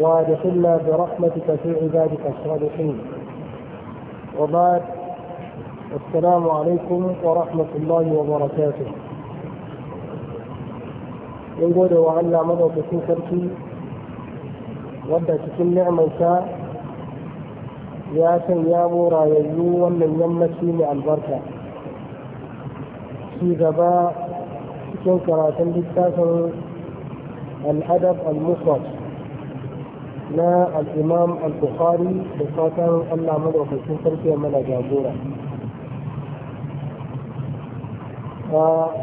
وادخلنا برحمتك في عبادك الصالحين وبعد السلام عليكم ورحمة الله وبركاته يقول وعلى مضى تكون كرتي ودى تكون نعمة سا يا مورا يجوان من يمنا سيمع البركة في غباء تكون كراتن الأدب المصرف na al'imam al-bukhari da fatan allah madaukakin sarki ya mana jagora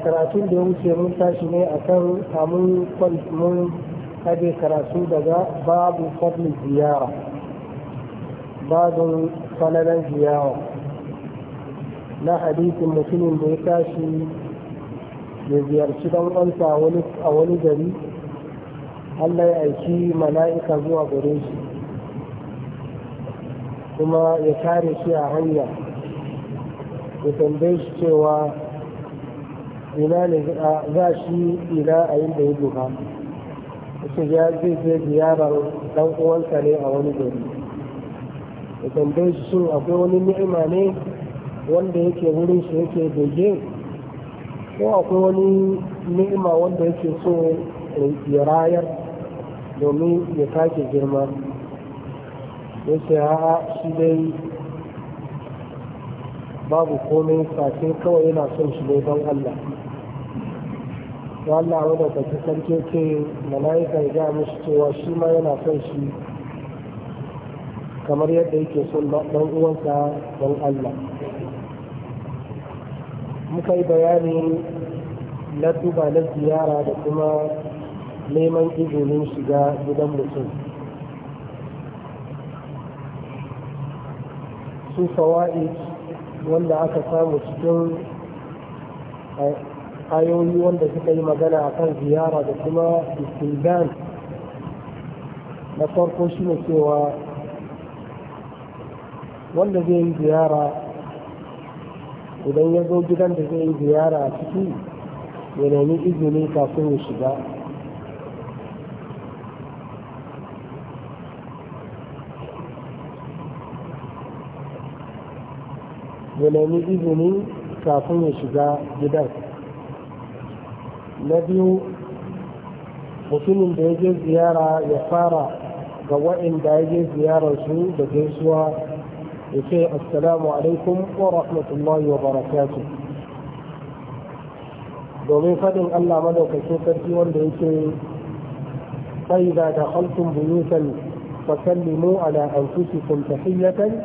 karatun da ya wuce mun tashi ne a kan kamun mun kaje karatu daga babu fadlin ziyara babin falalan ziyara na hadisin mutumin da ya tashi mai ziyarci don a wani gari Allah ya aiki mala'ika zuwa gare shi kuma ya kare shi a hanya ya tambaye shi cewa ina ne za shi ina a yin da ya duka yake ya zai je ziyarar dan uwansa ne a wani gari ya tambaye shi shin akwai wani ni'ima ne wanda yake wurin shi yake bege ko akwai wani ni'ima wanda yake so ya rayar domin ya sake girma ya ce ha'a shi dai babu komai face kawai yana son shi ne don Allah Allah wadda ka ci sarki ce mala'ika ya mishi cewa shi ma yana son shi kamar yadda yake son don uwansa don Allah muka yi bayani na tuba na ziyara da kuma neman izinin shiga gidan mutum su fawa'i wanda aka samu cikin eh, ayoyi wanda suka yi magana akan ziyara da kuma istilgan na farko shi ne cewa wanda zai yi ziyara idan ya zo gidan da zai yi ziyara a ciki ya nemi izini kafin ya shiga ya nemi izini kafin ya shiga gidan na biyu mutumin da ya je ziyara ya fara ga waɗanda ya je ziyararsu da gaisuwa ya ce assalamu alaikum wa rahmatullahi wa barakatu domin faɗin allah madaukakin sarki wanda yake فإذا دخلتم بيوتا فسلموا على أنفسكم تحية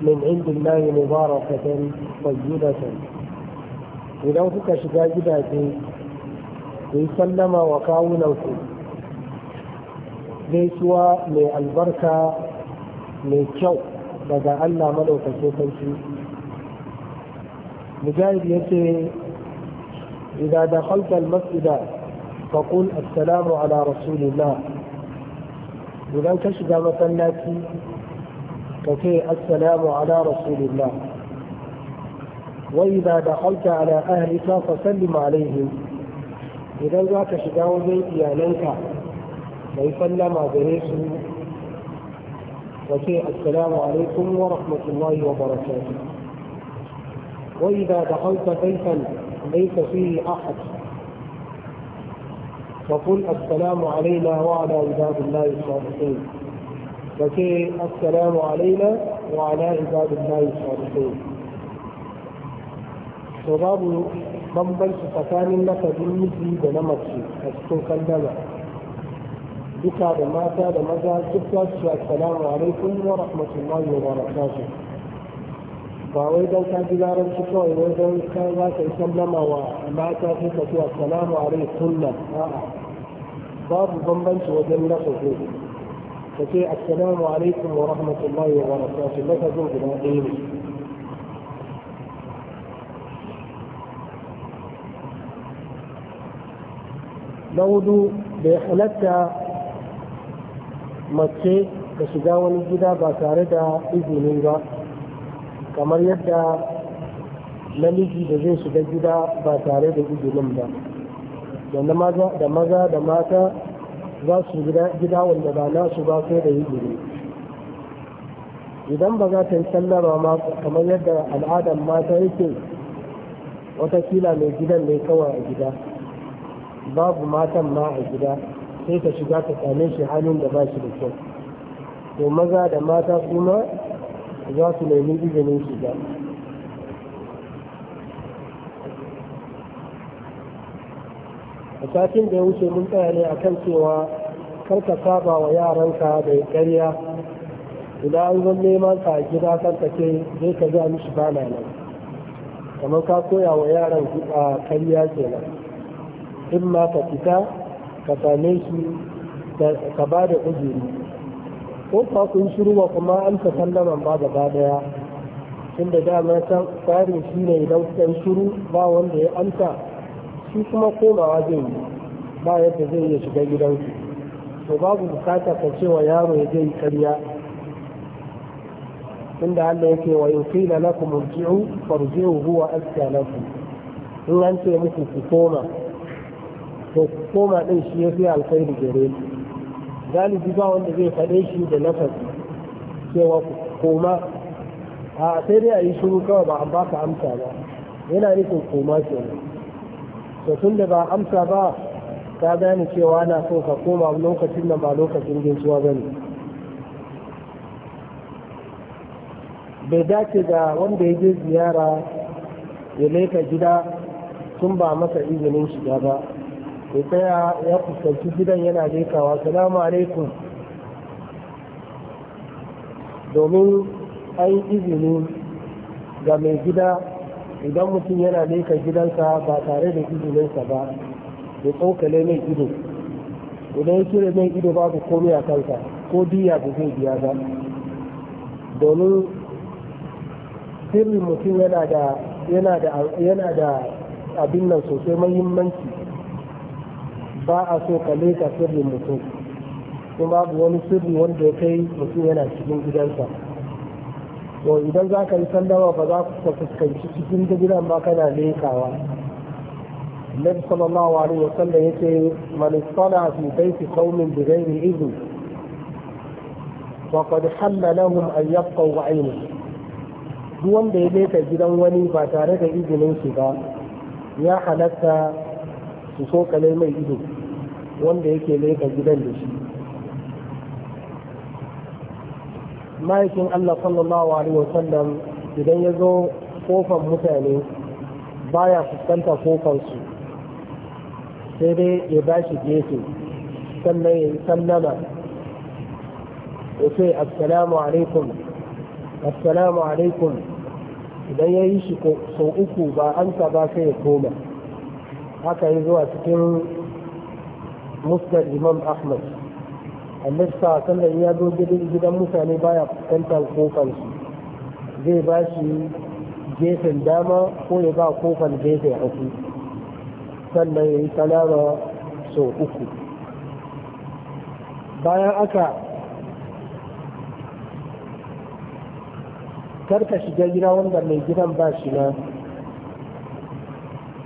من عند الله مباركة طيبة ولو فك شجاج باتي ويسلم وقاو ليسوا للبركة البركة من كو بدا ألا ملو فشيطان شيء مجاهد يسي إذا دخلت المسجد فقل السلام على رسول الله ولو تشجع مثلاتي وفيه السلام على رسول الله وإذا دخلت على أهلك فسلم عليهم إذا ذاك شجاو بيت يا ليك ليسلم عليكم وفي السلام عليكم ورحمة الله وبركاته وإذا دخلت بيتا ليس فيه أحد فقل السلام علينا وعلى عباد الله الصالحين فكي السلام علينا وعلى عباد الله الصالحين وباب بمبل سكان لك بالمثل بنمتي أسكن كلمة duka da mata da maza duk za su assalamu alaikum wa rahmatullahi wa barakatuh ba wai don ka ji larabci kawai wai don ka za ka yi sallama wa a'a babu bambanci wajen lafazin ka ce assalamu alaikum wa rahmatullahi wa barakatuh lafazin guda ɗaya ne na da ya halatta mace da shiga wani gida ba tare da izini ba kamar yadda namiji da zai shiga gida ba tare da izinin ba da maza da mata za su gida wanda ba nasu ba sai da yi idan ba za ta yi sallama ma kamar yadda al'adar mata yake fila mai gidan mai kawai a gida babu matan ma a gida sai ta shiga ta same shi hannun da ba shi da kyau to maza da mata kuma za su nemi izinin shiga a satin da ya wuce mun tsaya ne akan cewa karka saba wa yaranka da ƙarya idan an zan neman ka a gida kan ka zai ka ga mishi bana nan kamar ka koya wa yaran a ƙarya kenan in ma ka fita ka same shi ka ba da ujiri ko ka kun shiru wa kuma an ta sallaman ba gaba daya tunda dama san tsarin shi ne idan kan shiru ba wanda ya amsa shi kuma komawa zai yi ba yadda zai iya shiga gidansu to babu bukata ka cewa yaro ya je karya inda Allah yake wa in qila lakum irji'u farji'u huwa azka lakum in an ce muku ku koma to ku koma din shi yafi alkhairi gare ku galibi ba wanda zai faɗe shi da lafazi cewa ku koma a sai dai a yi shiru kawai ba an baka amsa ba yana nufin koma kenan to tun ba amsa ba ta gani cewa na so ka koma lokacin nan ba lokacin gaisuwa ba ne bai dace ga wanda ya je ziyara ya leka gida tun ba masa izinin shiga ba ya tsaya ya fuskanci gidan yana lekawa salamu alaikum domin an izini ga mai gida idan mutum yana leka gidansa ba tare da izininsa ba ya tsokale mai ido idan ya kira mai ido babu komai a kansa ko diya ba zai biya ba domin sirrin mutum yana da abin nan sosai mahimmanci ba a so ka leka sirrin mutum kuma babu wani sirri wanda ya kai mutum yana cikin gidansa to idan za ka yi sallama ba za ku fuskanci cikin gidan ba kana lekawa النبي صلى الله عليه وسلم يقول من اصطلع في بيت قوم بغير wa qad halla lahum an يبقوا عينه duk wanda ya leka gidan wani ba tare da izinin shi ba ya halatta su so kalai mai ido wanda yake leka gidan da shi ma'aikin Allah sallallahu alaihi wasallam idan ya zo kofan mutane baya fuskanta su sai dai ya ba shi gefe sannan ya yi sallama ya ce assalamu alaikum assalamu alaikum idan ya yi shi sau uku ba an ba sai ya koma haka yi zuwa cikin musnad imam ahmad annabi sa sallan ya zo gidan gidan mutane baya fuskantar kofar su zai ba shi gefen dama ko ya ba kofar gefen hagu sannan ya yi salama sau uku bayan aka karka shiga gida wanda mai gidan ba shi na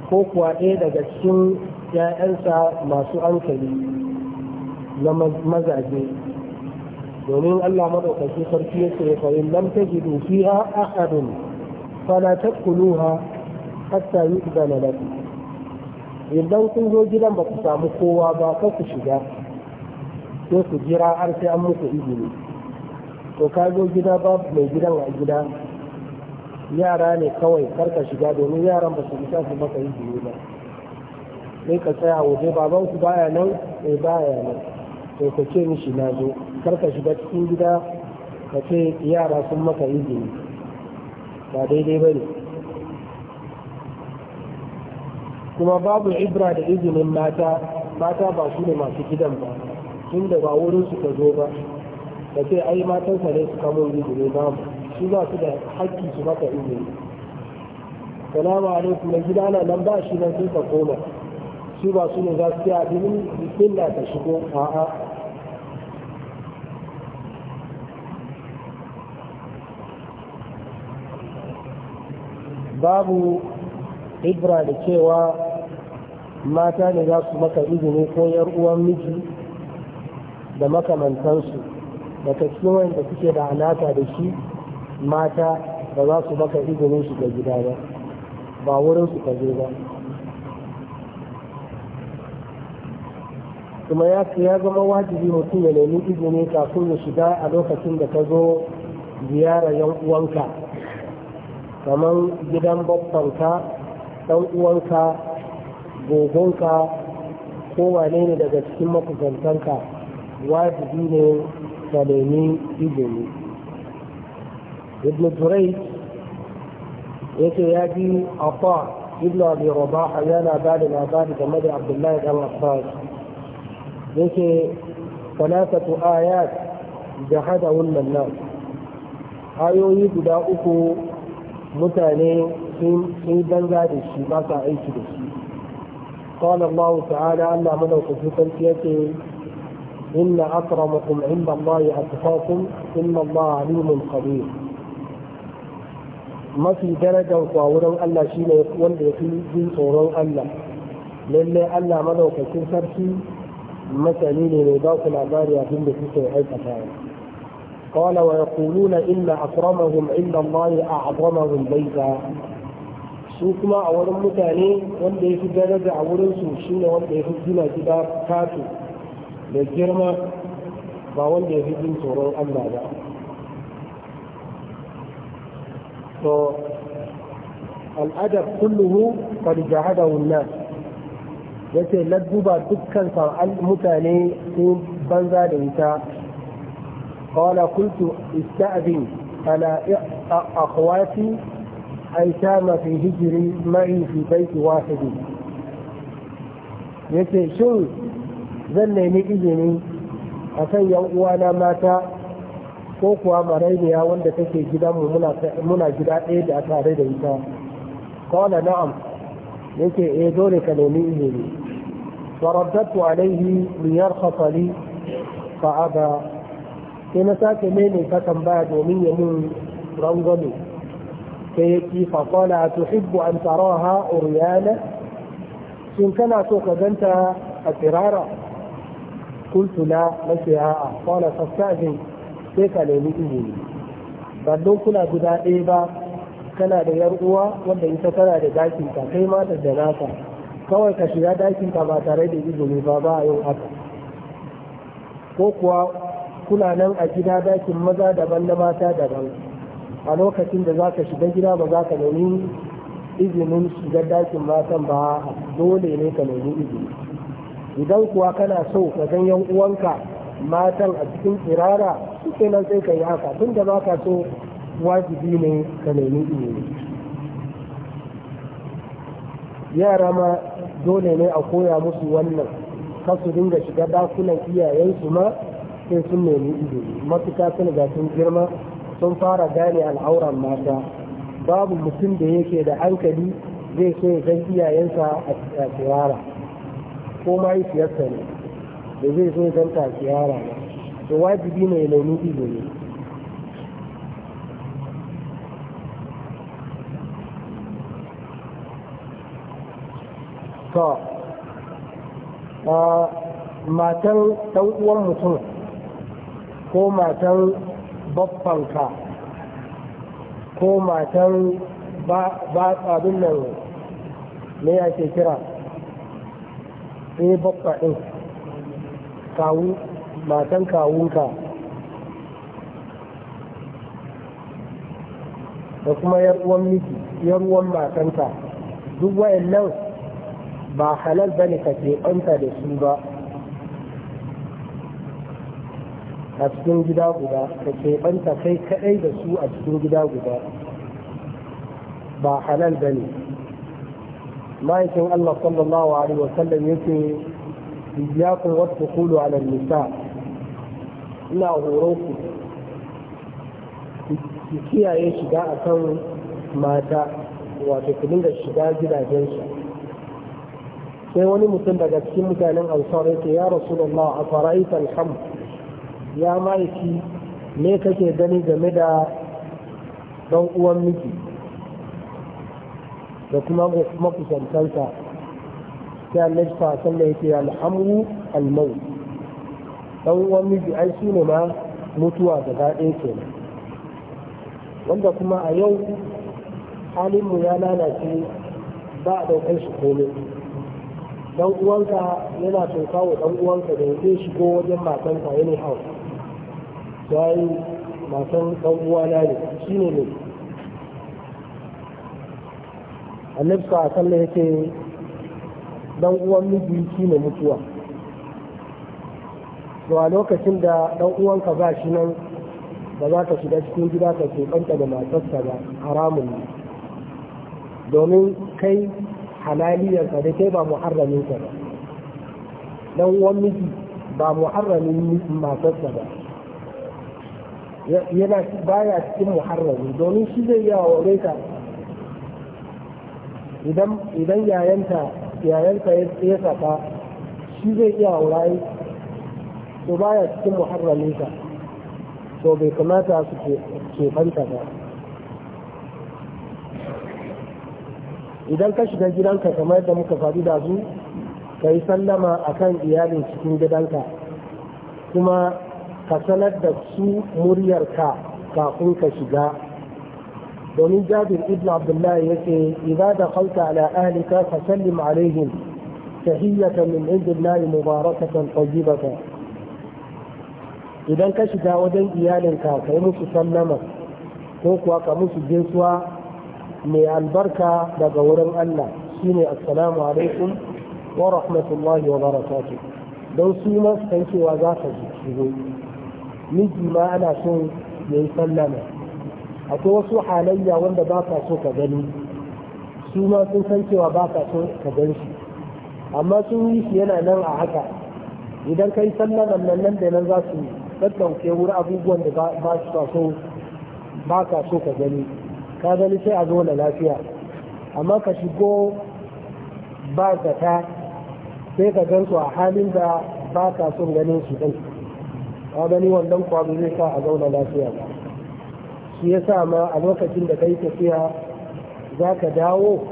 ko kuwa ɗaya daga cikin ‘ya'yansa masu hankali na mazaje domin Allah madaukaki sarki ya ce fa in lam tajidu fiha ahadun fala tadkhuluha hatta yu'zana lakum idan kun zo gidan ba ku samu kowa ba ka ku shiga sai ku jira har sai an muku izini to ka zo gida ba mai gidan a gida yara ne kawai karka shiga domin yaran ba su isa su maka izini ba sai ka tsaya waje baban ku baya nan eh baya nan sai ka ce mishi na zo kar ka shiga cikin gida ka ce yara sun maka izini ba daidai ba ne kuma babu ibra da izinin mata mata ba su ne masu gidan ba tun da ba wurin su ka zo ba ka ce ai matansa ne su kamo izini ba mu su ba su da haƙƙi su maka izini salamu alaikum na gida na nan ba shi nan sai ka koma su ba su ne za su ce a da ta shigo a'a babu ibra da cewa mata ne za su maka izini ko yar uwan miji da makamantansu daga cikin da suke da alaka da shi mata ba za su maka izinin ga gida ba ba wurin su ka zo ba kuma ya ya zama wajibi mutum ya nemi izini kafin ya shiga a lokacin da ka zo ziyara yan uwanka Kaman gidan babbanka ɗan uwanka gogonka ko wane ne daga cikin makusantanka wajibi ne ka nemi izini ibn turai yake ya ji afa ibn abi rabaha yana ba da labari game da abdullahi dan abbas yake ثلاثة آيات wannan nan. ayoyi guda uku mutane sun banza da shi ba sa aiki da shi قال الله تعالى أن من كفيته إن أكرمكم عند الله أتقاكم إن الله عليم خبير ما في درجة وطاورا ألا شيء يقول في دين صورا ألا لله ألا من كفيته مثلين يضاف العبار يا بنت في سوحيك تعالى قال ويقولون إن أكرمهم عند الله أعظمهم بيتا su kuma a wurin mutane wanda ya fi daraja a wurinsu shi ne wanda ya fi gina gida kato da girma ba wanda ya fi jin tsoron Allah ba. To, al'adar kulluhu kan jahada wunna ya ce ladduba dukkan mutane sun banza da ita قال قلت استأذن على أخواتي أيتام في هجري معي في بيت واحد yace shin zan nemi izini akan kan yan uwana mata ko kuwa marainiya wanda take gidanmu muna gida ɗaya da tare da ita kawai na'am yake eh dole ka nemi izini faraddatu alaihi liyar fasali fa'aba sai na sake mene kakan ba domin ya mun rangwame sai ya ki faƙola tuhibbu an ha uriyana shin kana so ka ganta a tirara? kultu na mace a ƙola sassafin sai ka nemi izini don kuna guda ɗaya ba kana da yar uwa wanda ita tana da dakin ta kai ma da nasa kawai ka shiga dakin ta ba tare da izini ba ba yau haka ko kuwa kuna nan a gida dakin maza daban na mata daban a lokacin da za ka shiga gida ba za ka nemi izinin shiga dakin matan ba dole ne ka nemi izini idan kuwa kana so ka gan yan uwanka matan a cikin tsirara suke nan sai ka yi haka tun da ba ka so wajibi ne ka nemi izini yara ma dole ne a koya musu wannan kasu dinga shiga dakunan iyayensu ma sai sun nemi ido matuka sun ga sun girma sun fara gane al'auran mata babu mutum da yake da hankali zai so ya san iyayensa a tsirara ko mahaifiyarsa ne da zai so ya san ta tsirara ba wajibi ne ya nemi ido ne to matan ɗan uwan mutum ko matan baffanka ko matan ba abin nan ne ya ke kira sai eh, babba ɗin kawu matan kawunka da kuma yar'uwan miki yar'uwan matanka duk nan ba halal bane ka ke da su ba a cikin gida guda ka keɓanta kai kaɗai da su a cikin gida guda ba halal ba ne ma'aikin Allah sallallahu alaihi wasallam yake kun wata kulu ala nisa ina horon ku ki kiyaye shiga a kan mata wato ku dinga shiga gidajensu sai wani mutum daga cikin mutanen ansar yake ya rasu rasulullah a fara'ita alhamdu ya ma'aiki me kake gani game da ɗan uwan miki da kuma makusantansa sai annabi fa sallah yake al'amru al-maut dan uwan miji ai shine ma mutuwa da ɗaya kenan wanda kuma a yau mu ya lalace ba a ɗaukar shi komai dan uwanka yana tauka wa dan uwanka da ya shigo wajen matanka yana hawa yayi matan dan uwana ne shine ne annabi sa sallallahu yake dan uwan miji shine mutuwa to a lokacin da dan uwanka ba shi nan ba za ka shiga cikin gida ka keɓanta da matarsa ba haramun ne domin kai halaliyarka da kai ba muharramin ka ba dan uwan miji ba muharramin matarsa ba yana baya cikin muharrami domin shi zai yawa aure ta idan yayanta yayanta ya saka shi zai iya aure to baya cikin muharrami ta to bai kamata su ke fanta ba idan ka shiga gidanka kamar yadda muka faɗi da su ka yi sallama akan iyalin cikin gidanka kuma ka sanar da su muryarka kafin ka shiga domin jabir ibn abdullahi yake idza dakhalta ala ahlika fa sallim alaihim tahiyyatan min indillahi mubarakatan tayyibatan idan ka shiga wajen iyalinka kai musu sallama ko kuwa ka musu gaisuwa mai albarka daga wurin Allah shine assalamu alaikum wa rahmatullahi wa barakatuh don su ma san cewa za ka shigo miji ma ana son ya yi sallama akwai wasu halayya wanda ba ka so ka gani su ma sun san cewa ba ka so ka gan shi amma sun yi shi yana nan a haka idan ka yi sallaman nan nan da nan za su ɗaɗɗauke wuri abubuwan da ba ka so ba ka so ka gani ka gani sai a zo da lafiya amma ka shigo ba zata sai ka gan su a halin da ba ka son ganin su ɗin ka gani wannan kwado zai sa a zauna lafiya ba shi ya sa ma a lokacin da kai tafiya za ka dawo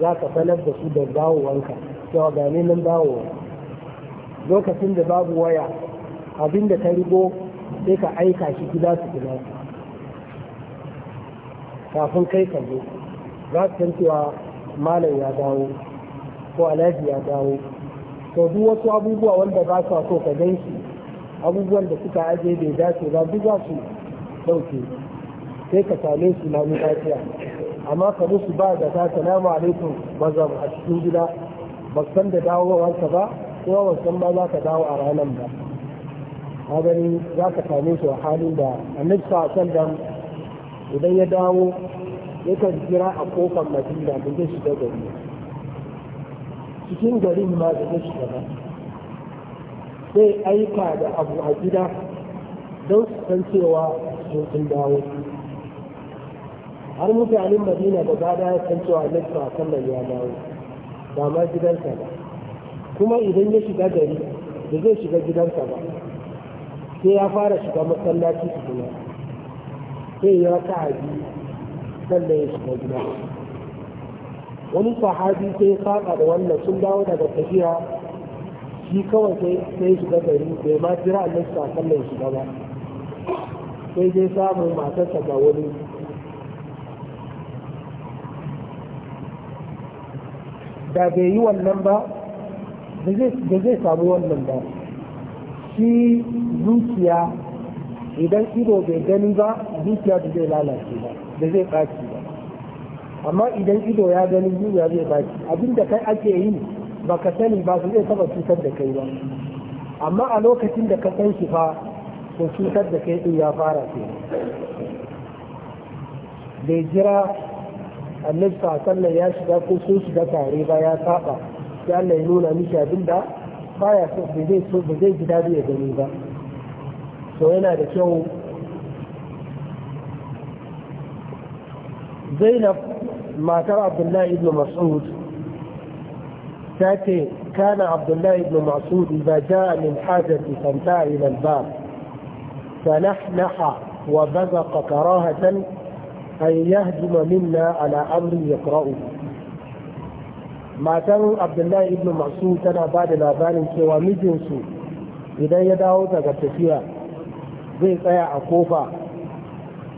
za ka sanar da su da dawowanka cewa ga ne nan dawowa lokacin da babu waya abin da ka rigo sai ka aika shi gida su kula kafin kai ka zo za su san cewa malam ya dawo ko alhaji ya dawo to duk wasu abubuwa wanda ba sa so ka gan shi abubuwan da suka aje bai dace ba duk za su dauke sai ka same su na lafiya amma ka musu ba da ta salamu alaikum maza a cikin gida ba san da wanka ba kuma ba san ba za ka dawo a ranar ba ka gani za ka same su a halin da annabi sa dan idan ya dawo yakan jira a kofar madina da zai shiga gari cikin garin ma da zai shiga ba zai aika da abu a gida don su san cewa sun dawo har mutanen madina da gada ya san cewa annabi sallallahu ya dawo ba ma gidansa ba kuma idan ya shiga gari da zai shiga gidansa ba sai ya fara shiga masallaci tukuna sai ya ta a sannan ya shiga gida wani sahabi sai ya saba da wannan sun dawo daga tafiya shi kawai sai shiga gari bai ma jira annabi sa sallan shiga ba sai dai samun matarsa ga wani da bai yi wannan ba da zai samu wannan ba shi zuciya idan ido bai gani ba zuciya da zai lalace ba da zai ɓaci ba amma idan ido ya gani zuciya zai ɓaci abinda kai ake yi Ba ka sani ba su zai taba cutar da kai ba amma a lokacin da ka san shi fa to cutar da kai din ya fara ce bai jira annabi sallar ya shiga ko sun shiga tare ba ya saba sai Allah ya nuna mishi abin da baya so bai zai so bai zai gida gani ba to yana da kyau Zainab matar Abdullahi ibn Mas'ud تاتي كان عبد الله بن مسعود إذا جاء من حاجة فانتهى إلى الباب فنحنح وبزق كراهة أن يهجم منا على أمر يقرأه matan abdullahi ibn masu tana ba da labarin cewa mijinsu idan ya dawo daga tafiya zai tsaya a kofa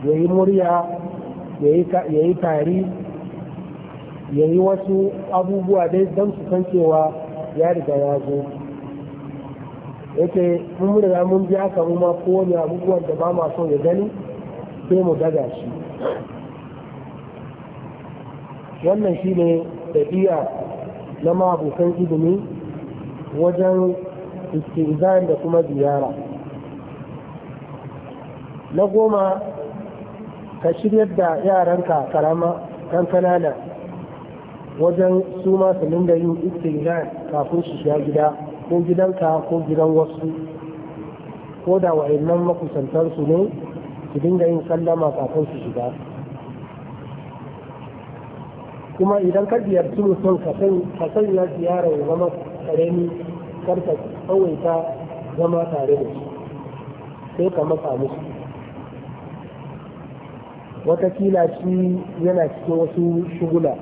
ya yi murya ya yi tari ya yi wasu abubuwa dai don su san cewa ya riga ya zo yake mun riga mun biya aka mu ma kowane abubuwan da ba ma so ya gani sai mu daga shi wannan shi ne ɗabi'a na mabukan ilimi wajen istizan da kuma ziyara na goma ka shiryar da yaranka karama kan kanana wajen su ma su dinga yin istihzan kafin su shiga gida ko gidanka ko gidan wasu ko da wa'annan makusantar su ne su dinga yin sallama kafin su shiga kuma idan ka ziyarci mutum ka sanya ziyara ya zama karami karka tsawaita zama tare da su, sai ka matsa musu kila shi yana cikin wasu shugula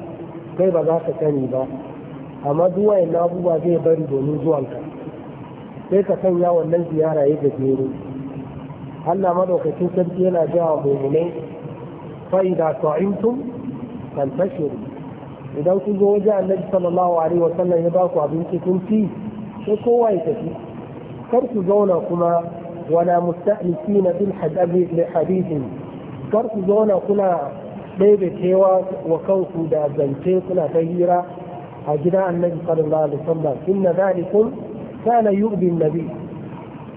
kai ba za ka sani ba amma duk wayan abubuwa zai bari domin zuwanka sai ka sanya wannan ziyara ya gajere Allah madaukakin sarki yana jawa mu'minai fa idza ta'imtum fantashiru idan kun zo wajen annabi sallallahu alaihi wa sallam ya ba ku abinci kun ci sai kowa ya tafi kar ku zauna kuma wala musta'nisina bil hadith kar ku zauna kuna ɗaya da wa kanku da zance suna ta hira a gidan annabi sallallahu alaihi wasallam inna zalikum kana yu'bi nabi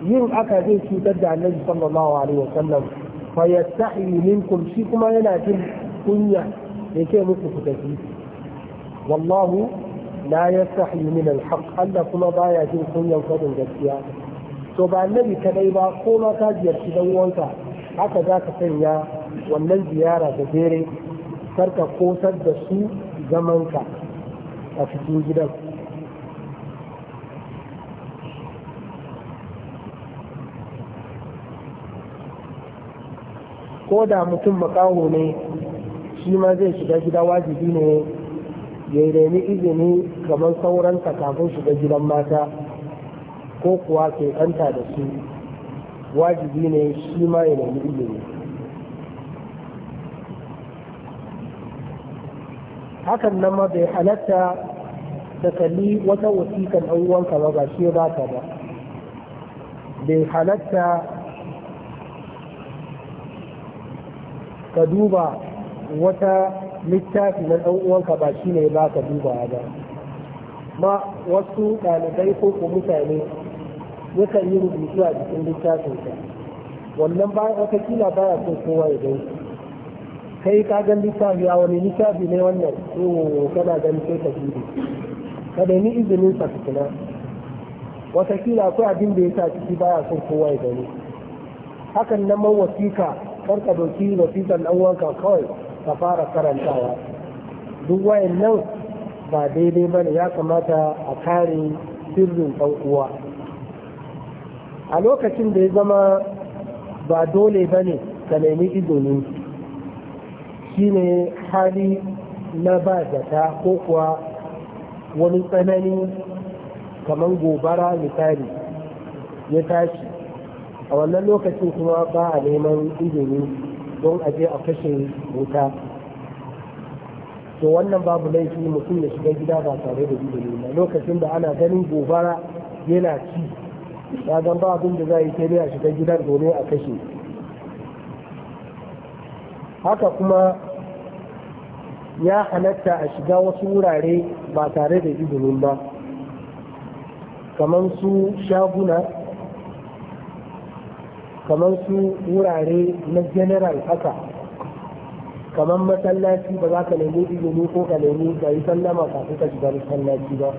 yin aka zai cutar da annabi sallallahu alaihi wasallam fa yastahi minkum shi kuma yana jin kunya ke muku ku tafi wallahu la yastahi min alhaq Allah kuma baya jin kunyan fadin gaskiya to ba annabi kadai ba ko ma ka ziyarci dan uwanka haka za ka sanya wannan ziyara da fere karka kosar da su zamanka a cikin gidan ko da mutum makaho ne shi ma zai shiga gida wajibi ne ya remi izini kamar sauransa kafin shiga gidan mata ko kuwa ke ɗanta da su wajibi ne shi ma ya nemi izini hakan nan ma bai halatta da kalli wata wasikan ɗan'uwanka ba ba shi ba ta ba bai halatta ka duba wata littafi na ɗan ba shi ne ba ka duba ba ma wasu ɗalibai ko ko mutane yakan yi rubutu a cikin littafinsa wannan ba wata kila baya so kowa ya gaisa kai ka gan littafi a wani littafi ne wannan ko kana gan sai ka dubi ka nemi izinin sa tukuna watakila akwai abin da ya sa ciki baya son kowa ya gani hakan nan man wasika karka doki wasikan dan wanka kawai ka fara karantawa duk wayan nan ba daidai ba ne ya kamata a kare sirrin ɗan uwa a lokacin da ya zama ba dole ba ne ka nemi izinin shine hali na ba zata ko kuwa wani tsanani kamar gobara misali ya tashi a wannan lokacin kuma ba a neman izini don a je a kashe wuta to wannan babu laifi mutum ya shiga gida ba tare da izini ba lokacin da ana ganin gobara yana ci ya ba abin da za a yi sai a shiga gidan domin a kashe haka kuma ya halatta a shiga wasu wurare ba tare da izinin ba kamar su shaguna kamar su wurare na general haka kamar masallaci ba za ka nemi izini ko ka nemi ga yi sallama kafin ka shiga masallaci ba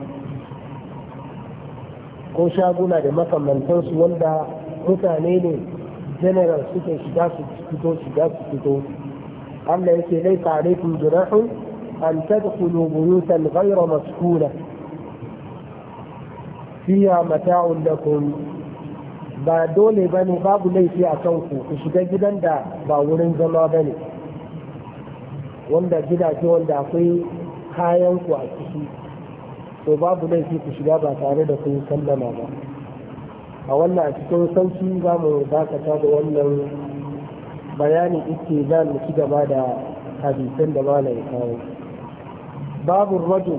ko shaguna da makamantansu wanda mutane ne general suke shiga su fito shiga su fito Allah yake laisa alaikum junahun an tadkhulu buyutan ghayra maskuna fiya mata'un lakum ba dole bane babu laifi a kanku ku shiga gidan da ba wurin zama bane wanda gidaje wanda akwai kayan ku a ciki to babu laifi ku shiga ba tare da kun sallama ba a wannan a cikin sauki za mu dakata da wannan bayanin ike za mu ci gaba da hadisan da malam kawo babu rajul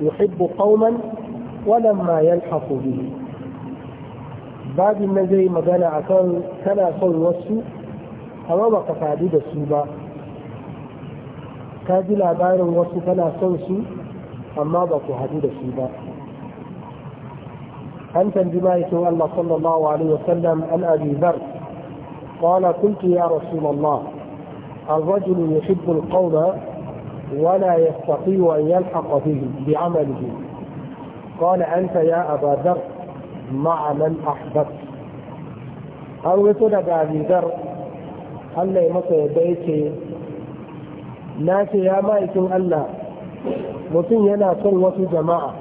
yuhibbu qauman walamma yalhaqu bihi babin na zai magana akan kana son wasu amma ba ka sadu da su ba ka ji labarin wasu kana son su amma ba ku hadu da su ba an tambi ma'aikin Allah sallallahu alaihi wasallam an abi zar قال قلت يا رسول الله الرجل يحب القوم ولا يستطيع أن يلحق به بعمله قال أنت يا أبا ذر مع من أحببت أو يقول أبي ذر Allah ya masa yadda يا na ألا ya ma'aikin Allah mutum yana son wasu jama'a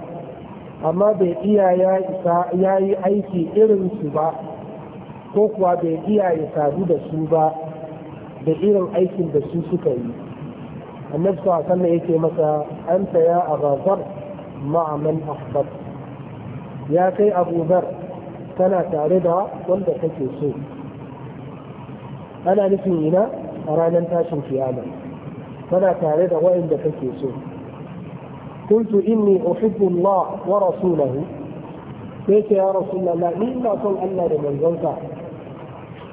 amma bai iya ya yi aiki irin su ba ko kuwa bai iya ya sadu da su ba da irin aikin da su suka yi annabi sallallahu alaihi yake masa anta ya abazar ma'a man ahbab ya kai abuzar tana tare da wanda kake so ana nufin ina a ranar tashin kiyama tana tare da wa'inda kake so inni إني أحب wa ورسوله sai ya rasu lalla ni ina son Allah da manzonsa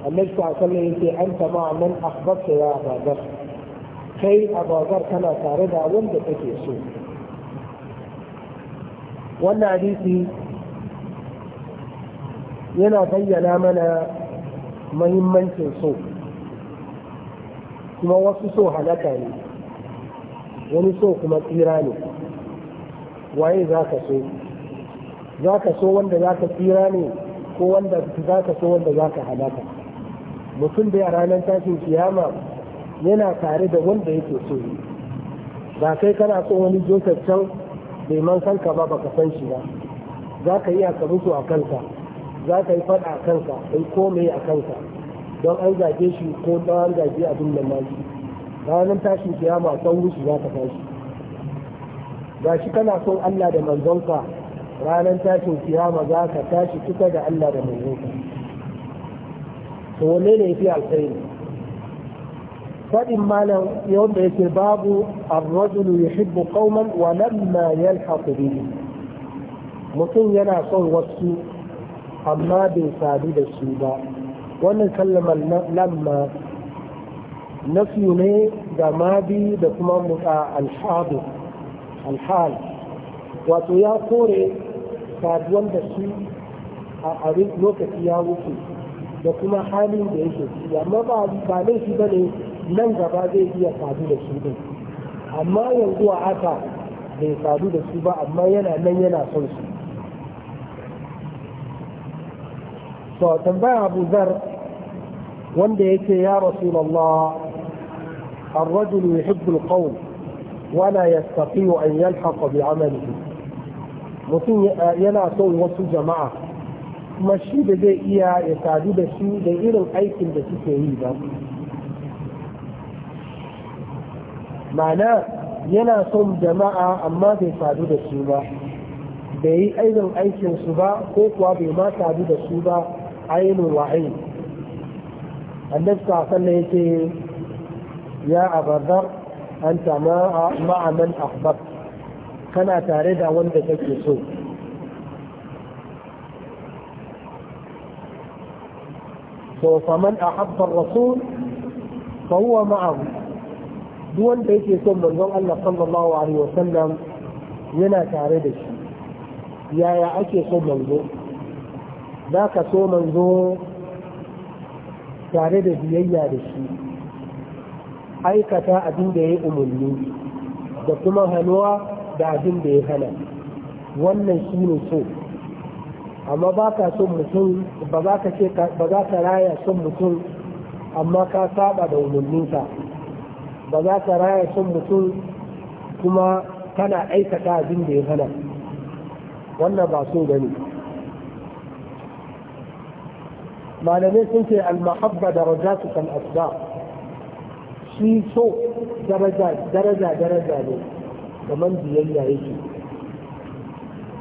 annabi sallallahu alaihi wasallam yace anta ma man ahbabta ya abadar kai abadar kana tare da wanda kake so wannan hadisi yana bayyana mana mahimmancin so kuma wasu so halaka ne wani so kuma tsira ne waye za ka so za ka so wanda za ka tsira ne ko wanda za ka so wanda za ka halaka mutum da ranar tashin kiyama yana tare da wanda yake so yi ba kai kana so wani joseph can bai man kanka ba baka san shi ba za ka yi a mutu a kanka za ka yi faɗa a kanka in komai a kanka don an zage shi ko don an zage abin da nashi ranar tashin kiyama san wuce za ka tashi ga shi kana son Allah da manzonka ranar tashin kiyama za ka tashi kusa da Allah da manzonka to wanne ne yafi alkhairi fadin malam wanda yake babu ar-rajulu yuhibbu qauman wa lamma yalhaqu bihi mutum yana son wasu amma bai sadu da su ba wannan kalmar lamma nafiyu ne ga madi da kuma muta alhadu alhal wato ya kore saduwan da su a lokaci ya wuce da kuma halin da yake ciki amma ba ba laifi ba ne nan gaba zai iya sadu da shi din amma yanzu a haka bai sadu da shi ba amma yana nan yana son su to tambaya abu zar wanda yake ya rasulullah الرجل يحب القول ولا يستطيع أن يلحق بعمله mutum eh, yana son wasu jama'a kuma shi da zai iya ya sadu da shi da irin aikin da suke yi ba ma'ana yana son jama'a amma bai sadu da su ba bai yi ainihin aikin su ba ko kuwa bai ma sadu da su ba ainihin waai annabi sallallahu yake ya abadar anta ma'a ma'aman akhbar kana tare da wanda kake so فمن أحب الرسول فهو معه دون بيت يكون من الله صلى الله عليه وسلم ينا تعرضش يا يا أكي صوم منزو ذاك صوم منزو تعرض بيئة رشي أي كتا أدين بيه أمني دكما هنوى hannuwa da abin da ya hana wannan amma ba ka son mutum ba za ka raya son mutum amma ka saba da umarninsa ba za ka raya son mutum kuma kana aikata abin da ya hana wannan ba so gani malamai sun ce al al-mahabba da su kan asba shi so daraja daraja daraja ne kamar biyayya yake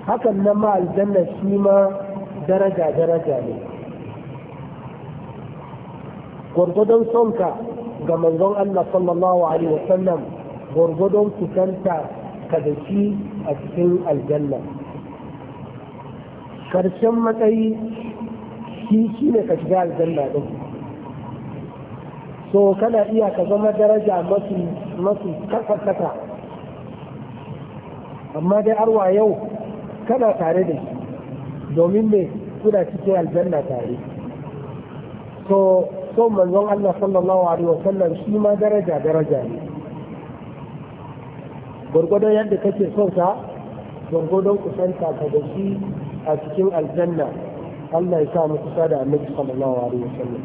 hakan na ma aljanna shi ma daraja daraja ne gwargwadon sonka ga manzon Allah sallallahu alaihi wasallam gwargwadon kusanta ka da shi a cikin aljanna karshen matsayi shi shi ne ka shiga aljanna din so kana iya ka zama daraja masu mafi kasa kasa amma dai arwa yau kana tare da shi domin me kuna cikin aljanna tare so so manzon Allah sallallahu alaihi sallam shi ma daraja daraja ne gwargwadon yadda kake son sa gwargwadon kusanta ka da shi a cikin aljanna Allah ya sa mu kusa da annabi sallallahu alaihi sallam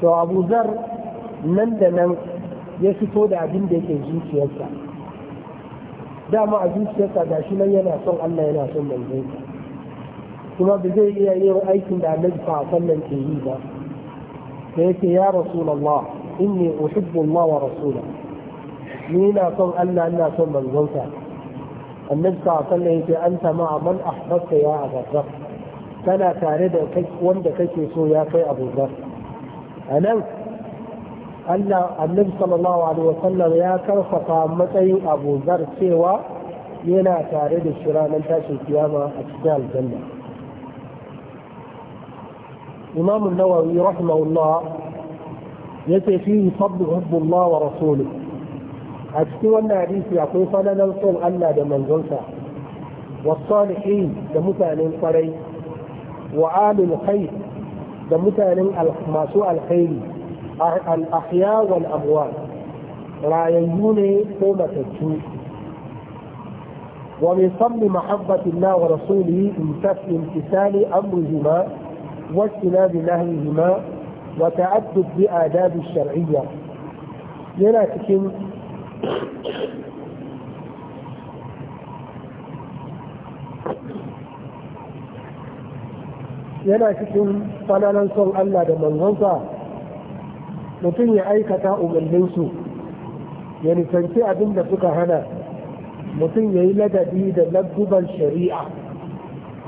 to Abu Zar nan da nan ya fito da abin da yake zuciyarsa dama a zuciyarsa ga shi nan yana son Allah yana son manzon kuma ba zai iya yin aikin da annabi fa sallan ke yi ba da yake ya rasulullah inni uhibbu Allah wa rasulahu ni na son Allah ina son manzon sa annabi fa sallan yake anta ma'a man ahbabta ya abubakar kana tare da wanda kake so ya kai abubakar anan Allah annabi sallallahu alaihi wasallam ya karfafa matsayin Abu Zar cewa yana tare da shi ranar tashin kiyama a cikin aljanna Imam an-Nawawi rahimahullah yace fi fadlu hubbullah wa rasuluhu a cikin wannan hadisi akwai fadalan son Allah da manzonsa wa salihin da mutanen kwarai wa alul khair da mutanen masu alkhairi الأحياء والاموات لا يجوني قومة الشوك ومن صم محبة الله ورسوله امتثال أمرهما واجتناب نهيهما وتعدد بآداب الشرعية لكن yana cikin fananan son Allah da manzon sa mutum ya aikata umarninsu ya nisanci abin da suka hana mutum ya yi ladabi da ladduban shari'a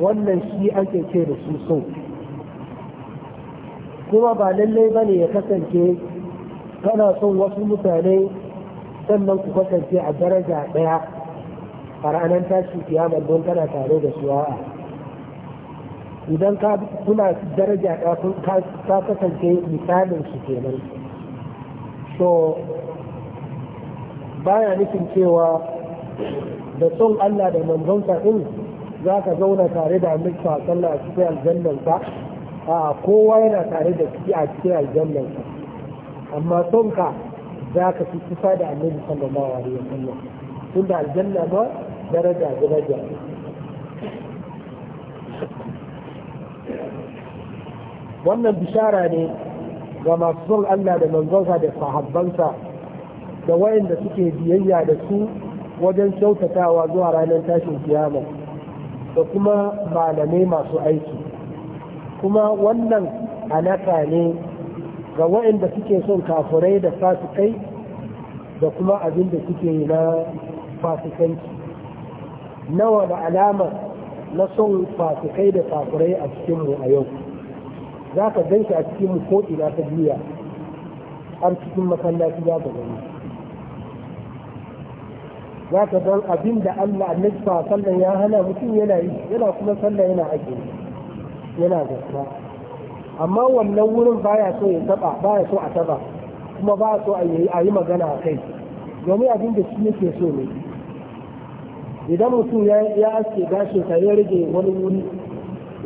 wannan shi ake ce da su so kuma ba lallai ba ne ya kasance kana son wasu mutane sannan ku kasance a daraja ɗaya a ranar tashi kiyama don kana tare da su a'a idan ka kuna daraja ɗaya ka kasance misalin su kenan so baya nufin cewa da son Allah da manzonsa din za ka zauna tare da annabi sallallahu a cikin aljannan a kowa yana tare da shi a cikin aljannan amma son ka za ka fi kusa da annabi sallallahu alaihi wasallam da aljanna ma daraja daraja wannan bishara ne ga masu son Allah da manzonsa da sahabbansa da wayanda suke biyayya da su wajen kyautatawa zuwa ranar tashin kiyama da kuma malamai masu aiki kuma wannan alaka ne ga wayanda suke son kafurai da fasikai da kuma abin da suke na fasikanci nawa da alama na son fasikai da kafurai a cikinmu a yau za ka gan shi a cikin ko'ina ta duniya har cikin masallaci za ka gani za ka gan abin da Allah annabi ba sallan ya hana mutum yana yi yana kuma sallan yana ake yana gaskiya amma wannan wurin baya so ya taba baya so a taba kuma ba so a yi magana a kai domin abin da shi yake so ne idan mutum ya aske gashin ka ya rage wani wuri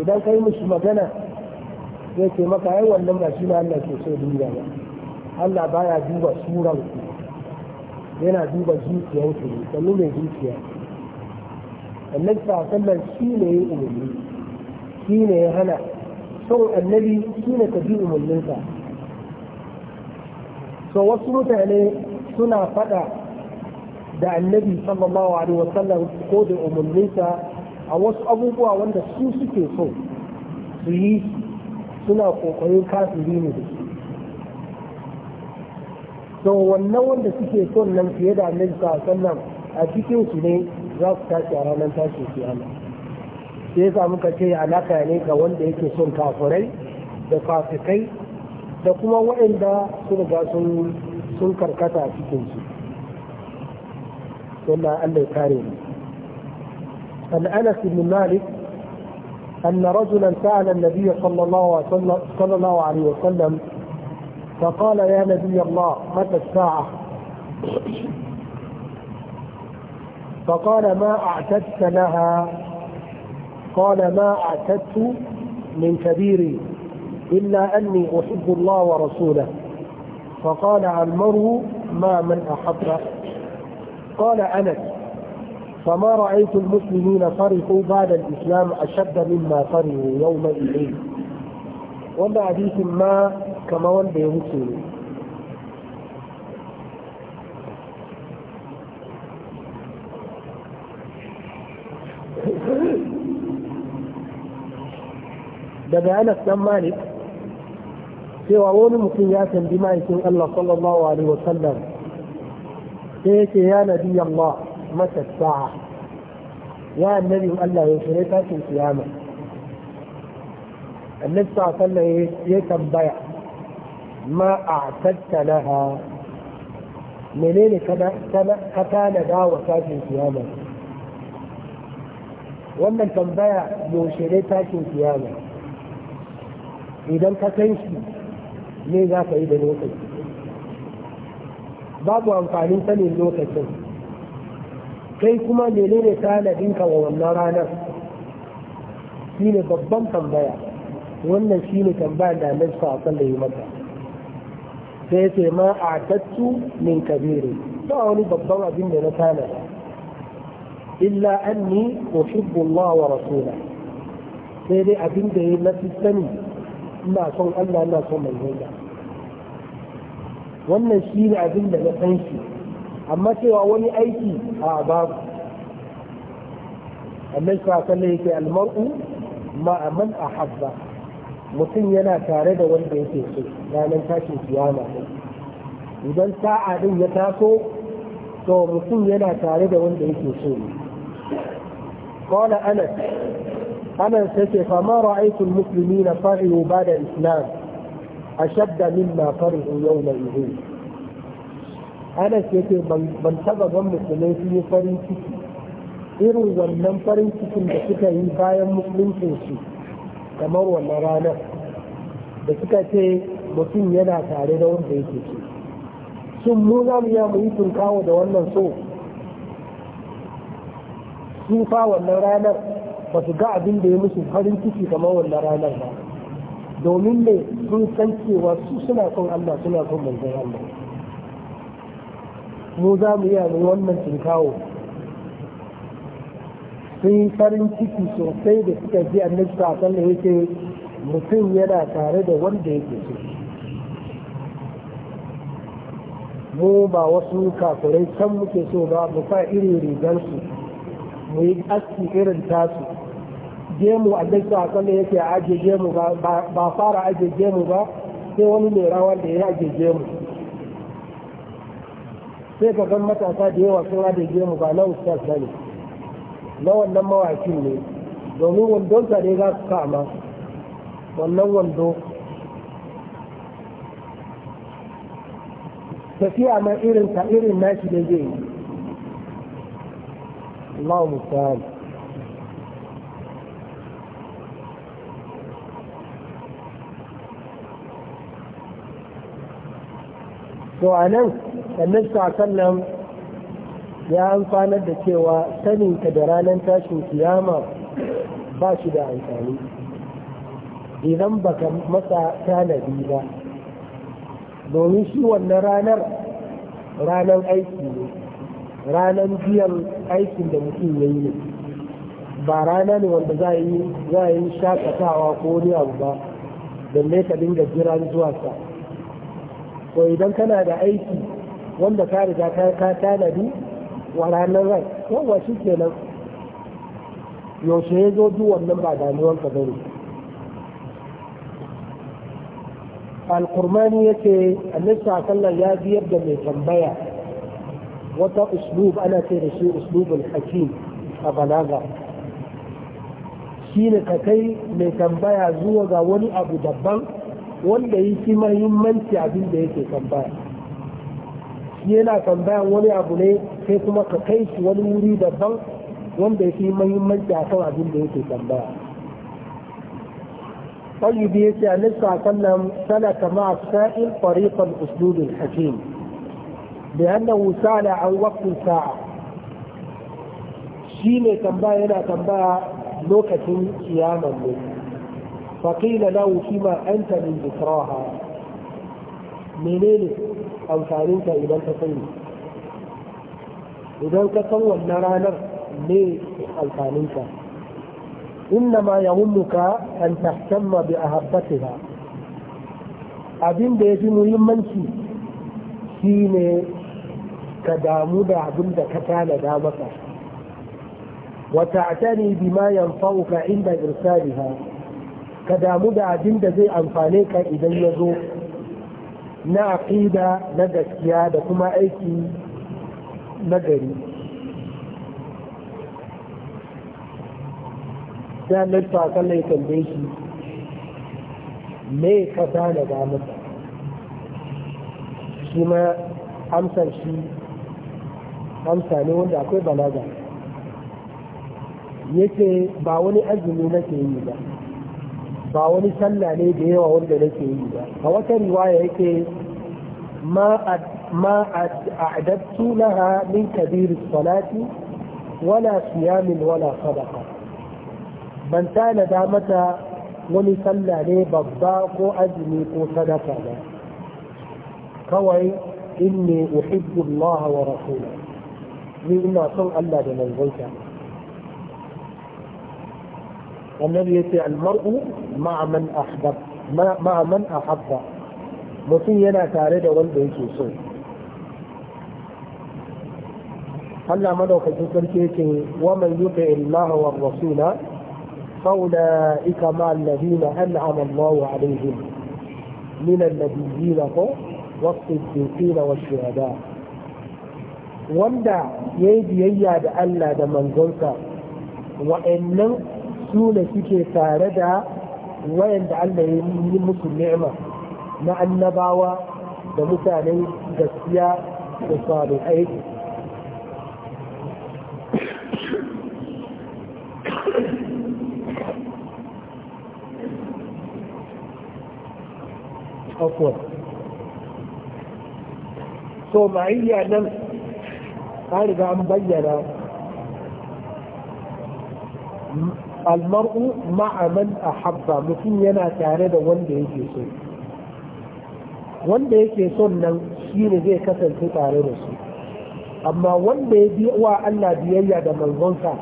idan ka yi mishi magana sai ce maka ai wannan ba shi Allah ke so duniya ba Allah baya duba suran ku yana duba zuciyar ku ne sannu mai zuciya annabi sallallahu shi ne ya umarni shi ne ya hana son annabi shi ne ka bi umarninsa so wasu mutane suna faɗa da annabi sallallahu alaihi wasallam ko da umarninsa a wasu abubuwa wanda su suke so su yi suna kokarin kafiri ne da shi to wannan wanda suke son nan fiye da annabi sannan a cikin su ne za su tashi a ranar tashi kiyama sai yasa muka ce alaka ne ga wanda yake son kafirai da fafikai da kuma waɗanda su riga sun sun karkata a cikin su wannan Allah ya kare mu an Anas ibn Malik أن رجلا سأل النبي صلى الله عليه وسلم, صلى الله عليه وسلم فقال يا نبي الله متى الساعة؟ فقال ما أعتدت لها؟ قال ما أعتدت من كبيري إلا أني أحب الله ورسوله فقال عمره ما من أحبه قال أنس فما رأيت المسلمين فرحوا بعد الإسلام أشد مما فرحوا يوم العيد وما حديث ما كما ولده مسلم دبا أنا بن مالك في وون مقياسا بما يكون الله صلى الله عليه وسلم سيتي إيه يا نبي الله متى الساعة يا النبي قال له يشري القيامة النبي صلى الله عليه وسلم بيع ما أعتدت لها منين كان دا وتاتي القيامة wannan tambaya yaushe ne tashin kiyama idan ka san shi ne za ka yi da lokaci babu kai kuma menene tanadinka wa wannan ranar shi ne babban tambaya wannan shi ne tambayar da annabi sa da alaihi wasallam sai ce ma a tattu min kabiri ba wani babban abin da na tanada illa anni uhibbu Allah wa rasula sai dai abin da na fi sani ina son Allah ina son manzon wannan shi ne abin da na san shi amma cewa wani aiki a babu annan shafan ne yake almar'u ma'aman a habba mutum yana tare da wanda yake so ranar tashin kiyama idan sa'a din ya taso to mutum yana tare da wanda yake so ne قال أنس أنس فما رأيت المسلمين فرحوا بعد الإسلام أشد مما فرحوا يومئذ anas ke ban taba ban musulmai sun yi farin ciki irin wannan farin cikin da suka yi bayan musulunci su kamar wannan ranar da suka ce mutum yana tare da wanda yake ce sun mu za mu mu yi kawo da wannan so sun fa wannan ranar ba su ga abin da ya musu farin ciki kamar wannan ranar ba domin ne sun san cewa su suna son Allah suna son manzon Allah mu za mu iya mu wannan cinkawo sun yi farin ciki sosai da suka ji annabi sa sallah yake mutum yana tare da wanda yake so mu ba wasu kafirai can muke so ba mu fa irin rigarsu mu yi aski irin tasu gemu a annabi sa sallah yake a ajiye gemu ba fara ajiye gemu ba sai wani mai rawa da ya ajiye gemu sai ka gan matasa da yawa sun rada mu ba na ustaz ba ne na wannan mawakin ne domin wandonsa ne za su kama wannan wando tafiya ma irin ta irin nashi da zai yi Allah musta'an to a nan annabi sallam ya amfanar da cewa saninka da ranar tashin kiyama ba shi da amfani idan baka masa tanadi ba domin shi wannan ranar ranar aiki ne ranar biyan aikin da mutum ya yi ne ba rana ne wanda za yi za yi shakatawa ko wani abu ba ne ka dinga jiran zuwa sa Ko idan kana da aiki wanda ka riga ka tanadi wa ranar rai yawa shi kenan yaushe ya zo duk wannan ba ka bane alkurmani ya ce annabi sallallahu ya biyar da mai tambaya wata uslub ana ce da shi uslubul hakim a balaga shine ka kai mai tambaya zuwa ga wani abu daban wanda yi fi mahimmanci abin da yake tambaya yana tambayan wani abu ne sai kuma ka kai shi wani wuri daban wanda ya fi muhimmanci a kan abin da yake tambaya. Ƙwallo biyu ya ce a nisa kan nan sana kama a sa'in farifan usulun hakim. Da yadda wusa na an wakun sa'a. Shi ne tambaya yana tambaya lokacin kiyaman ne. Fakila na wuki ma 'yan tanin menene amfaninka idan ka sani idan ka san wannan ranar ne amfaninka إنما يهمك أن تهتم بأهبتها abin da ya fi muhimmanci shine ka damu da abin da ka tanada maka wata atani bima yanfa'uka inda irsaliha ka damu da abin da zai amfane ka idan ya zo na aqida na gaskiya da kuma aiki na gari da nufa kallai tambaye shi me ka tana ga masa shi ma amsar shi amsa ne wanda akwai balaga yake ba wani azumi nake yi ba ba wani sallah ne da yawa wanda nake yi ba a wata riwaya yake ما أعددت لها من كبير الصلاة ولا صيام ولا صدقة من كان دامتا ولسلى لي بضاق أجمي صدقة كوي إني أحب الله ورسوله لإن أصل ألا بمن زيتا ومن يطيع المرء مع من أحبب مع من أحب مثل ينا تارد والده سوسو هلا من ومن يطع الله والرسول فأولئك مع الذين أنعم الله عليهم من النبيين والصديقين والشهداء وندع يدي يد الله من قلت وإنه su ne suke tare da wayan da Allah ya yi musu ni'ima na annabawa da mutane gaskiya da salihai afuwa so ma'ayya nan an riga an bayyana almar'u ma'a man ahabba mutum yana tare da wanda yake so wanda yake son nan shi ne zai kasance tare da su amma wanda ya bi wa Allah biyayya da manzonsa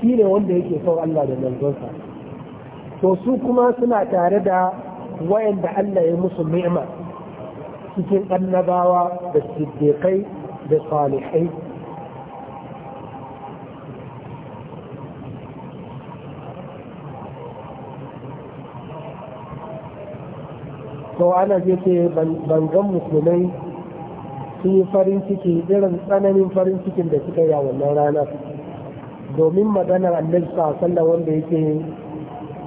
shi ne wanda yake son Allah da manzonsa to su kuma suna tare da wayanda Allah ya musu ni'ima cikin annabawa da siddiqai da salihai To ana zai ce ban gan musulmai sun yi farin ciki irin tsananin farin cikin da suka yi a wannan ranar domin maganar annabi sallallahu wanda yake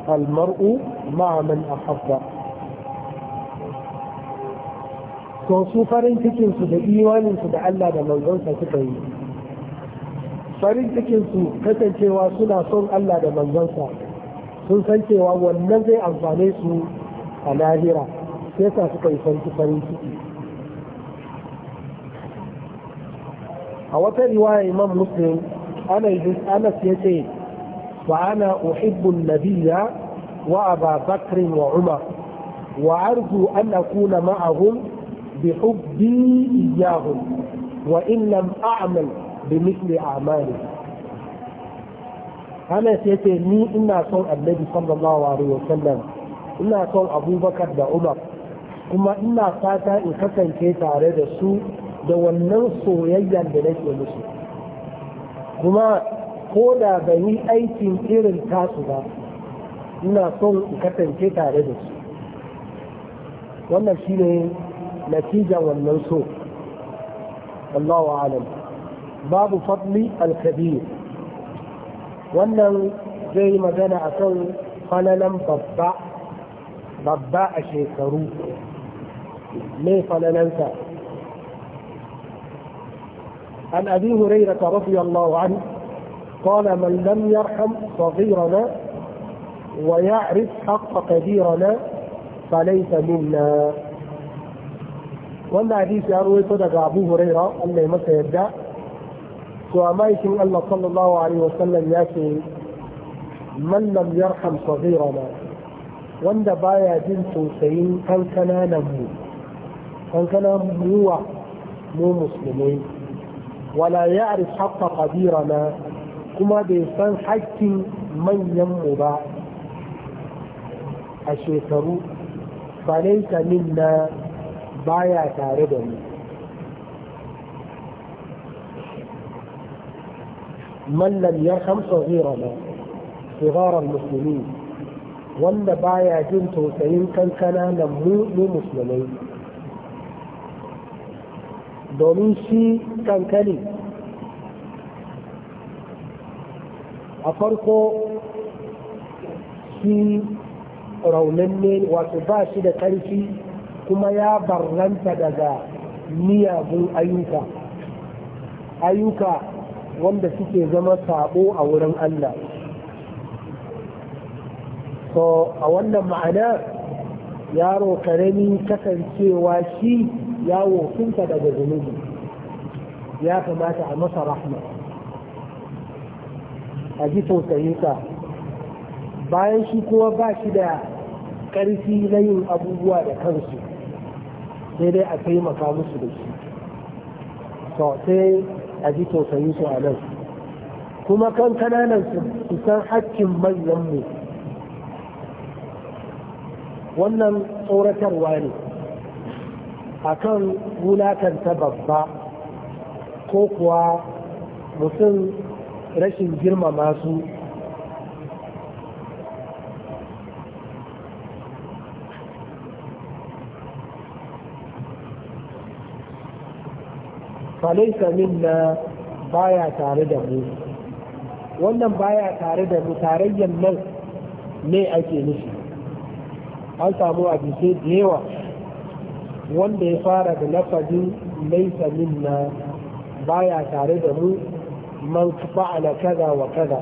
almar'u ma'a man ahabba to su farin cikin su da imanin su da Allah da manzonsa suka yi farin cikin su kasancewa suna son Allah da manzonsa sun san cewa wannan zai amfane su a lahira sai sa suka yi farin farin ciki a wata riwaya imam muslim anas ya ce wa ana uhibbun nabiya wa aba bakrin wa umar wa arzu an akuna ma'ahum bi hubbi iyahum wa in lam a'mal bi misli a'mali anas ya ce ni ina son annabi sallallahu alaihi wasallam ina son abubakar da umar kuma ina fata in kasance tare da su da wannan soyayyar da nake musu kuma ko da ban yi aikin irin tasu ba ina son in kasance tare da su wannan shi ne natijan wannan so Allahu alam babu fadli alkabir wannan zai yi magana akan fananan babba babba a shekaru ميصل ننسى عن ابي هريره رضي الله عنه قال من لم يرحم صغيرنا ويعرف حق كبيرنا فليس منا وانا حديث يروي صدق ابو هريره ان يمس سوى ما يشين الله صلى الله عليه وسلم ياتي من لم يرحم صغيرنا وان بايا جنس سيئ كان نموت kankana muwa mu musulmai wala ya'rif haqqa qadirana kuma bai san haƙƙin manyan mu ba a shekaru falaita minna baya tare da mu من لم يرحم صغيرنا صغار المسلمين wanda baya jin tausayin kankana na mu musulmai domin shi kankani a farko shi raunin ne wato ba shi da ƙarfi kuma ya barranta daga miyagun ayyuka ayyuka wanda suke zama sabo a wurin Allah to a wannan ma'ana yaro karami kasancewa shi ya wofinta daga zunubi ya kamata a masa rahma a ji tausayinsa bayan shi kuma ba shi da ƙarfi na yin abubuwa da kansu sai dai a taimaka musu da shi sai a ji tausayinsu a nan kuma kan kananan su san hakkin manyan wannan tsoratarwa ne akan wulakanta babba ko kuwa mutum rashin girmama su falaisa na baya tare da mu wannan baya tare da mu tarayyar nan ne ake nufi an samu sai da yawa wanda ya fara da lafazi laisa minna baya tare da mu man fa'ala kaza wa kaza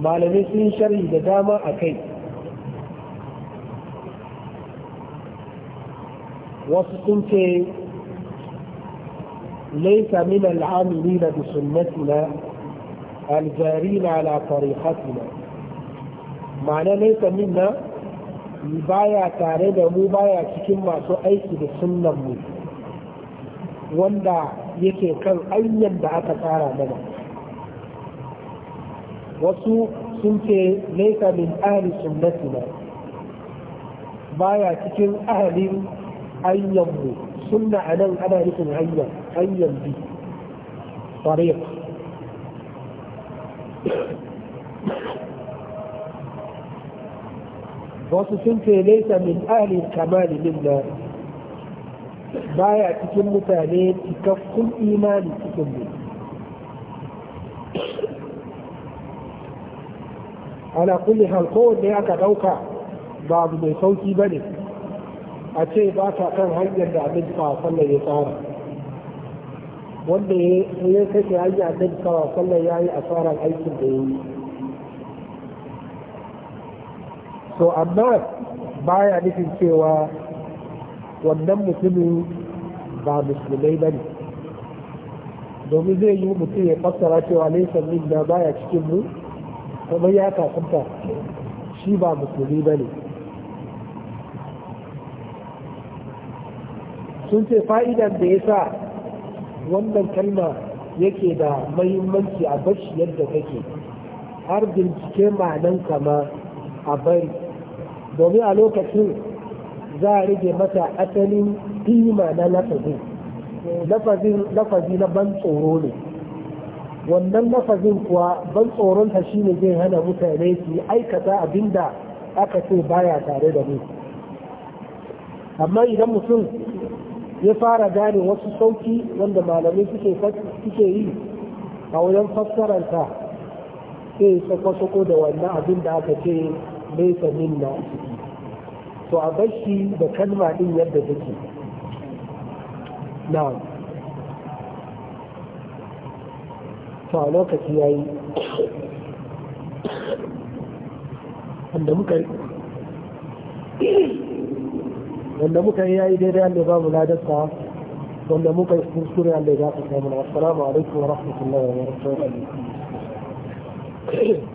malami sun sharhi da dama akai wasu sun ce laisa min al'amilina bi sunnatina aljarina ala tariqatina ma'ana laisa minna baya tare da mu baya cikin masu aiki da sunnan mu wanda yake kan hanyar da aka tsara mana wasu sun ce laisa min ahli ba baya cikin ahalin hanyar mu sunna anan ana nufin hanyar hanyar bi tariq wasu sun ce laisa min ahli kamali minna baya cikin mutane cikakkun imani cikin mu ala kulli hal kowanne aka ɗauka ba abu mai sauki ba ne a ce ba ka kan hanyar da abin sa sallar ya tsara wanda ya kake hanyar abin sa sallar ya yi asarar aikin da ya yi to amma baya nufin cewa wannan mutumin ba musulmai ba ne domin zai yi mutum ya fassara cewa laisa minna baya cikin mu kuma ya kasanta shi ba musulmi ba ne sun ce fa'idan da ya sa wannan kalma yake da mahimmanci a bashi yadda take har bincike nan kama a bari domin a lokacin za a rage mata asalin kima na lafazi lafazi na ban tsoro ne wannan lafazin kuwa ban tsoron ta shine zai hana mutane su aikata abin da aka ce baya tare da mu amma idan mutum ya fara gane wasu sauki wanda malamai suke yi a wajen fassararsa sai sako-sako da wannan abin da aka ce laysa minna to a bashi da kalma din yadda take na to a lokaci yayi wanda muka wanda muka yi yayi daidai Allah ba mu ladarsa wanda muka yi kuskure Allah za ka samu na, assalamu alaikum wa rahmatullahi wa barakatuh